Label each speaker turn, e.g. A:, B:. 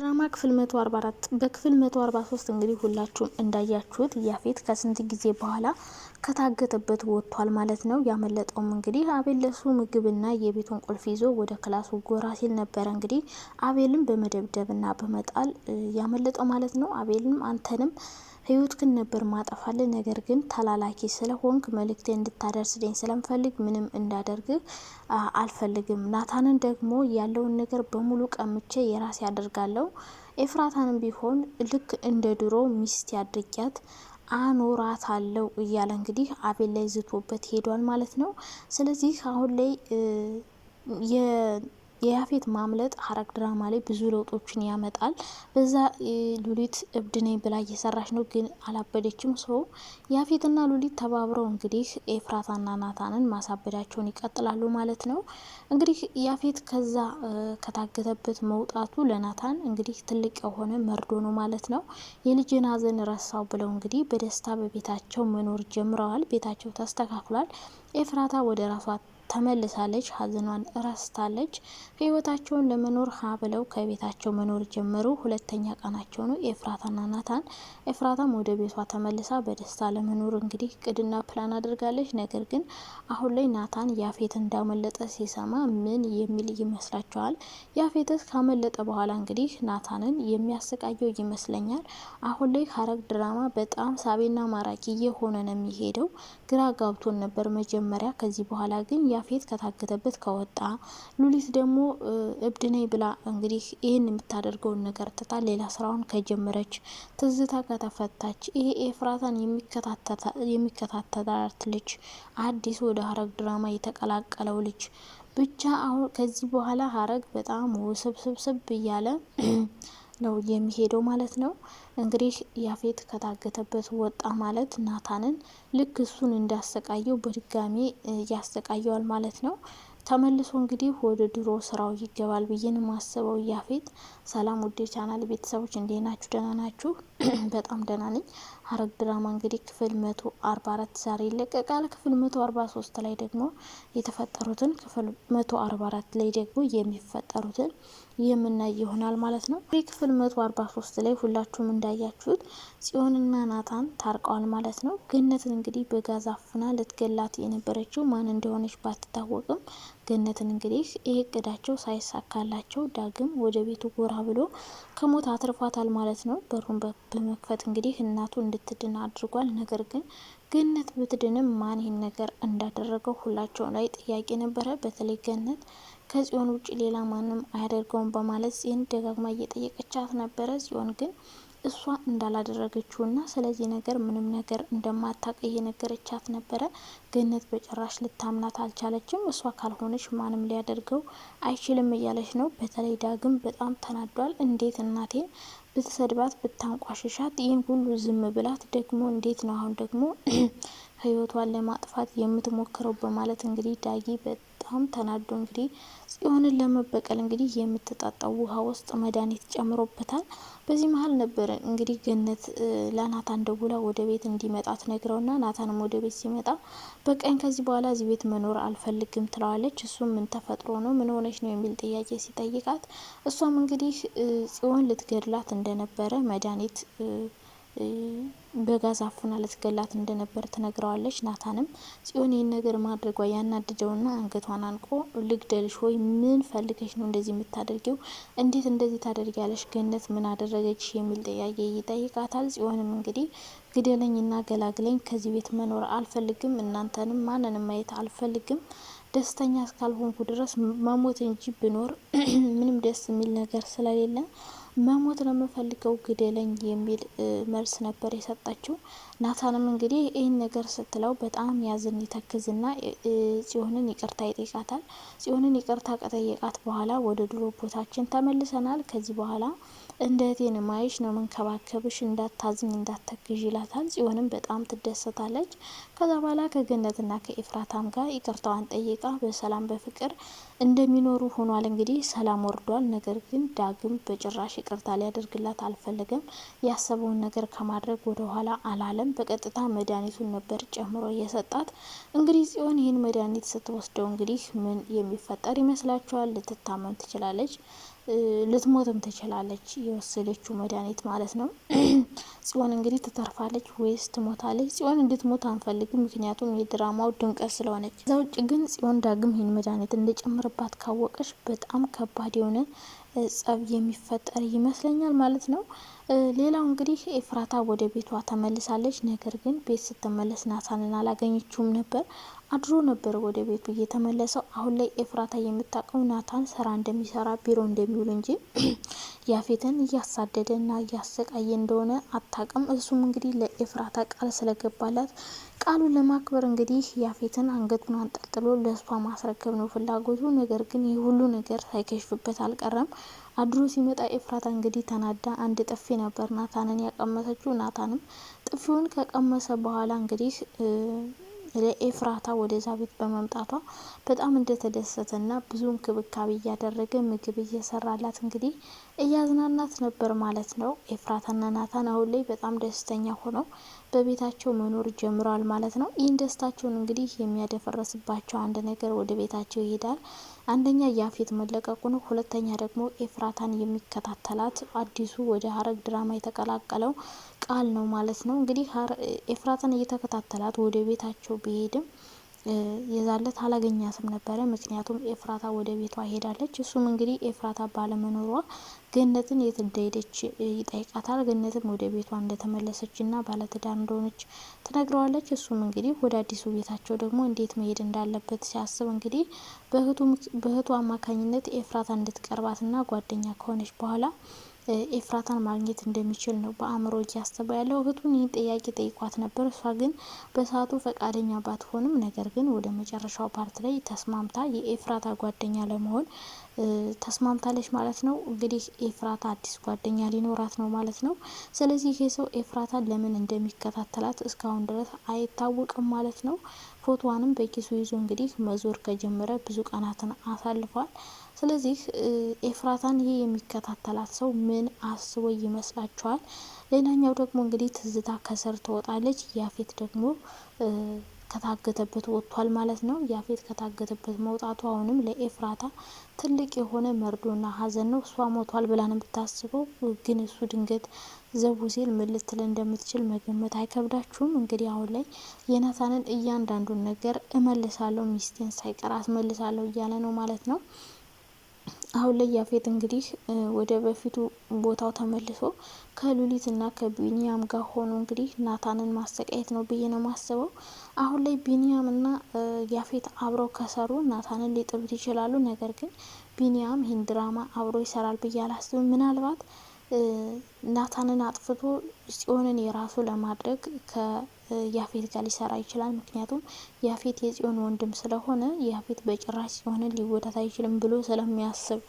A: ድራማ ክፍል 144 በክፍል 143 እንግዲህ ሁላችሁም እንዳያችሁት ያፌት ከስንት ጊዜ በኋላ ከታገተበት ወጥቷል ማለት ነው። ያመለጠውም እንግዲህ አቤል ለሱ ምግብና የቤቱን ቁልፍ ይዞ ወደ ክላሱ ጎራ ሲል ነበረ። እንግዲህ አቤልን በመደብደብና በመጣል ያመለጠው ማለት ነው። አቤልም አንተንም ህይወት ክን ነበር ማጠፋለ ነገር ግን ተላላኪ ስለሆንክ መልእክቴ እንድታደርስልኝ ስለምፈልግ ምንም እንዳደርግ አልፈልግም። ናታንን ደግሞ ያለውን ነገር በሙሉ ቀምቼ የራሴ አደርጋለሁ። ኤፍራታንም ቢሆን ልክ እንደ ድሮ ሚስት ያድርጊያት አለው እያለ እንግዲህ አቤል ላይ ዝቶበት ሄዷል ማለት ነው። ስለዚህ አሁን ላይ የያፌት ማምለጥ ሐረግ ድራማ ላይ ብዙ ለውጦችን ያመጣል። በዛ ሉሊት እብድ ነኝ ብላ እየሰራች ነው፣ ግን አላበደችም። ሰው ያፌትና ሉሊት ተባብረው እንግዲህ ኤፍራታና ናታንን ማሳበዳቸውን ይቀጥላሉ ማለት ነው። እንግዲህ ያፌት ከዛ ከታገተበት መውጣቱ ለናታን እንግዲህ ትልቅ የሆነ መርዶ ነው ማለት ነው። የልጅን ሀዘን ረሳው ብለው እንግዲህ በደስታ በቤታቸው መኖር ጀምረዋል። ቤታቸው ተስተካክሏል። ኤፍራታ ወደ ራሷ ተመልሳለች፣ ሀዘኗን ረስታለች። ህይወታቸውን ለመኖር ሀ ብለው ከቤታቸው መኖር ጀመሩ። ሁለተኛ ቀናቸው ነው ኤፍራታና ናታን። ኤፍራታም ወደ ቤቷ ተመልሳ በደስታ ለመኖር እንግዲህ ቅድና ፕላን አድርጋለች። ነገር ግን አሁን ላይ ናታን ያፌት እንዳመለጠ ሲሰማ ምን የሚል ይመስላችኋል? ያፌትስ ካመለጠ በኋላ እንግዲህ ናታንን የሚያሰቃየው ይመስለኛል። አሁን ላይ ሀረግ ድራማ በጣም ሳቢና ማራኪ የሆነ ነው የሚሄደው። ግራ ጋብቶን ነበር መጀመሪያ። ከዚህ በኋላ ግን ያፌት ከታገተበት ከወጣ ሉሊት ደግሞ እብድ ነኝ ብላ እንግዲህ ይህን የምታደርገውን ነገር ትታ ሌላ ስራውን ከጀመረች ትዝታ ከተፈታች ይሄ ኤፍራታን የሚከታተላት ልጅ አዲስ ወደ ሀረግ ድራማ የተቀላቀለው ልጅ ብቻ አሁን ከዚህ በኋላ ሀረግ በጣም ውስብስብስብ እያለ ነው የሚሄደው ማለት ነው። እንግዲህ ያፌት ከታገተበት ወጣ ማለት ናታንን ልክ እሱን እንዳሰቃየው በድጋሚ ያሰቃየዋል ማለት ነው። ተመልሶ እንግዲህ ወደ ድሮ ስራው ይገባል ብዬን ማስበው ያፌት። ሰላም ውዴ ቻናል ቤተሰቦች እንዴ ናችሁ? ደህና ናችሁ? በጣም ደህና ነኝ። ሐረግ ድራማ እንግዲህ ክፍል መቶ አርባ አራት ዛሬ ይለቀቃል። ክፍል መቶ አርባ ሶስት ላይ ደግሞ የተፈጠሩትን ክፍል መቶ አርባ አራት ላይ ደግሞ የሚፈጠሩትን የምናይ ይሆናል ማለት ነው። ይህ ክፍል መቶ አርባ ሶስት ላይ ሁላችሁም እንዳያችሁት ጽዮንና ናታን ታርቀዋል ማለት ነው። ገነትን እንግዲህ በጋዝ አፍና ልትገላት የነበረችው ማን እንደሆነች ባትታወቅም ገነትን እንግዲህ ይህ እቅዳቸው ሳይሳካላቸው ዳግም ወደ ቤቱ ጎራ ብሎ ከሞት አትርፏታል ማለት ነው። በሩን በመክፈት እንግዲህ እናቱ እንድትድን አድርጓል። ነገር ግን ገነት ብትድንም ማን ይህን ነገር እንዳደረገው ሁላቸውም ላይ ጥያቄ ነበረ። በተለይ ገነት ከጽዮን ውጭ ሌላ ማንም አያደርገውም በማለት ጽዮን ደጋግማ እየጠየቀቻት ነበረ። ጽዮን ግን እሷ እንዳላደረገችውና ስለዚህ ነገር ምንም ነገር እንደማታውቅ እየነገረቻት ነበረ። ገነት በጭራሽ ልታምናት አልቻለችም። እሷ ካልሆነች ማንም ሊያደርገው አይችልም እያለች ነው። በተለይ ዳግም በጣም ተናዷል። እንዴት እናቴን ብትሰድባት ብታንቋሽሻት ይህን ሁሉ ዝም ብላት ደግሞ እንዴት ነው አሁን ደግሞ ህይወቷን ለማጥፋት የምትሞክረው በማለት እንግዲህ ዳጊ አብርሃም ተናዶ እንግዲህ ጽዮንን ለመበቀል እንግዲህ የምትጣጣው ውሃ ውስጥ መድኃኒት ጨምሮበታል። በዚህ መሀል ነበር እንግዲህ ገነት ለናታን ደውላ ወደ ቤት እንዲመጣ ና ናታንም ወደ ቤት ሲመጣ በቀኝ ከዚህ በኋላ እዚህ ቤት መኖር አልፈልግም ትለዋለች። እሱም ምን ተፈጥሮ ነው ምን ሆነች ነው የሚል ጥያቄ ሲጠይቃት እሷም እንግዲህ ጽዮን ልትገድላት እንደነበረ መድኃኒት በጋዝ አፉና ልትገላት እንደነበር ትነግረዋለች። ናታንም ጽዮን ይህን ነገር ማድረጓ ያናድደውና አንገቷን አንቆ ልግደልሽ ወይ? ምን ፈልገሽ ነው እንደዚህ የምታደርጊው? እንዴት እንደዚህ ታደርጊያለሽ? ገነት ምን አደረገች? የሚል ጥያቄ ይጠይቃታል። ጽዮንም እንግዲህ ግደለኝና ገላግለኝ፣ ከዚህ ቤት መኖር አልፈልግም፣ እናንተንም ማንንም ማየት አልፈልግም ደስተኛ እስካልሆንኩ ድረስ መሞት እንጂ ብኖር ምንም ደስ የሚል ነገር ስለሌለን መሞት ነው የምፈልገው ግደለኝ የሚል መልስ ነበር የሰጣችው። ናታንም እንግዲህ ይህን ነገር ስትለው በጣም ያዝን ይተክዝና ጽዮንን ይቅርታ ይጠይቃታል። ጽዮንን ይቅርታ ከጠየቃት በኋላ ወደ ድሮ ቦታችን ተመልሰናል። ከዚህ በኋላ እንደ እህቴን ማይሽ ነው መንከባከብሽ፣ እንዳታዝኝ፣ እንዳተክዥ ይላታል። ጽዮንም በጣም ትደሰታለች። ከዛ በኋላ ከገነትና ከኤፍራታም ጋር ይቅርታዋን ጠይቃ በሰላም በፍቅር እንደሚኖሩ ሆኗል። እንግዲህ ሰላም ወርዷል። ነገር ግን ዳግም በጭራሽ ይቅርታ ሊያደርግላት አልፈለገም። ያሰበውን ነገር ከማድረግ ወደኋላ አላለም። ቢሆንም በቀጥታ መድኃኒቱን ነበር ጨምሮ እየሰጣት። እንግዲህ ጽዮን ይህን መድኃኒት ስትወስደው እንግዲህ ምን የሚፈጠር ይመስላችኋል? ልትታመም ትችላለች፣ ልትሞትም ትችላለች። የወሰደችው መድኃኒት ማለት ነው። ጽዮን እንግዲህ ትተርፋለች ወይስ ትሞታለች? ጽዮን እንድትሞት አንፈልግም፣ ምክንያቱም የድራማው ድምቀት ስለሆነች። እዛ ውጭ ግን ጽዮን ዳግም ይህን መድኃኒት እንደጨምርባት ካወቀች በጣም ከባድ የሆነ ጸብ የሚፈጠር ይመስለኛል ማለት ነው። ሌላው እንግዲህ ኤፍራታ ወደ ቤቷ ተመልሳለች። ነገር ግን ቤት ስትመለስ ናታንን አላገኘችውም ነበር። አድሮ ነበር ወደ ቤቱ እየተመለሰው። አሁን ላይ ኤፍራታ የምታውቀው ናታን ስራ እንደሚሰራ ቢሮ እንደሚውል እንጂ ያፌትን እያሳደደ ና እያሰቃየ እንደሆነ አታውቅም። እሱም እንግዲህ ለኤፍራታ ቃል ስለገባላት ቃሉን ለማክበር እንግዲህ ያፌትን አንገቱን አንጠልጥሎ ለእሷ ማስረከብ ነው ፍላጎቱ። ነገር ግን ይህ ሁሉ ነገር ሳይከሽፍበት አልቀረም። አድሮ ሲመጣ ኤፍራታ እንግዲህ ተናዳ አንድ ጥፊ ነበር ናታንን ያቀመሰችው። ናታንም ጥፊውን ከቀመሰ በኋላ እንግዲህ ኤፍራታ ወደዛ ቤት በመምጣቷ በጣም እንደተደሰተና ብዙ እንክብካቤ እያደረገ ምግብ እየሰራላት እንግዲህ እያዝናናት ነበር ማለት ነው። ኤፍራታና ናታን አሁን ላይ በጣም ደስተኛ ሆነው በቤታቸው መኖር ጀምረዋል ማለት ነው። ይህን ደስታቸውን እንግዲህ የሚያደፈረስባቸው አንድ ነገር ወደ ቤታቸው ይሄዳል። አንደኛ ያፌት መለቀቁ ነው። ሁለተኛ ደግሞ ኤፍራታን የሚከታተላት አዲሱ ወደ ሀረግ ድራማ የተቀላቀለው ቃል ነው ማለት ነው። እንግዲህ ኤፍራታን እየተከታተላት ወደ ቤታቸው ቢሄድም የዛለት አላገኛትም ነበረ። ምክንያቱም ኤፍራታ ወደ ቤቷ ሄዳለች። እሱም እንግዲህ ኤፍራታ ባለመኖሯ ገነትን የት እንደሄደች ይጠይቃታል። ገነትም ወደ ቤቷ እንደተመለሰች እና ባለትዳር እንደሆነች ትነግረዋለች። እሱም እንግዲህ ወደ አዲሱ ቤታቸው ደግሞ እንዴት መሄድ እንዳለበት ሲያስብ እንግዲህ በእህቱ አማካኝነት ኤፍራታ እንድትቀርባት ጓደኛ ከሆነች በኋላ ኤፍራታን ማግኘት እንደሚችል ነው በአእምሮ እያሰበ ያለው። እህቱን ይህን ጥያቄ ጠይቋት ነበር። እሷ ግን በሰዓቱ ፈቃደኛ ባትሆንም ነገር ግን ወደ መጨረሻው ፓርት ላይ ተስማምታ የኤፍራታ ጓደኛ ለመሆን ተስማምታለች ማለት ነው። እንግዲህ ኤፍራታ አዲስ ጓደኛ ሊኖራት ነው ማለት ነው። ስለዚህ ይሄ ሰው ኤፍራታን ለምን እንደሚከታተላት እስካሁን ድረስ አይታወቅም ማለት ነው። ፎቶዋንም በኪሱ ይዞ እንግዲህ መዞር ከጀመረ ብዙ ቀናትን አሳልፏል። ስለዚህ ኤፍራታን ይሄ የሚከታተላት ሰው ምን አስቦ ይመስላችኋል? ሌላኛው ደግሞ እንግዲህ ትዝታ ከስር ትወጣለች። ያፌት ደግሞ ከታገተበት ወጥቷል ማለት ነው። ያፌት ከታገተበት መውጣቱ አሁንም ለኤፍራታ ትልቅ የሆነ መርዶና ሀዘን ነው። እሷ ሞቷል ብላን ብታስበው ግን እሱ ድንገት ዘቡ ሲል ምን ልትል እንደምትችል መገመት አይከብዳችሁም። እንግዲህ አሁን ላይ የናታንን እያንዳንዱን ነገር እመልሳለሁ፣ ሚስቴን ሳይቀር አስመልሳለሁ እያለ ነው ማለት ነው። አሁን ላይ ያፌት እንግዲህ ወደ በፊቱ ቦታው ተመልሶ ከሉሊት እና ከቢኒያም ጋር ሆኖ እንግዲህ ናታንን ማሰቃየት ነው ብዬ ነው ማስበው። አሁን ላይ ቢኒያም እና ያፌት አብረው ከሰሩ ናታንን ሊጥሉት ይችላሉ። ነገር ግን ቢኒያም ይህን ድራማ አብሮ ይሰራል ብዬ አላስብም። ምናልባት ናታንን አጥፍቶ ጽዮንን የራሱ ለማድረግ ከያፌት ጋር ሊሰራ ይችላል። ምክንያቱም ያፌት የጽዮን ወንድም ስለሆነ ያፌት በጭራሽ ጽዮንን ሊወዳት አይችልም ብሎ ስለሚያስብ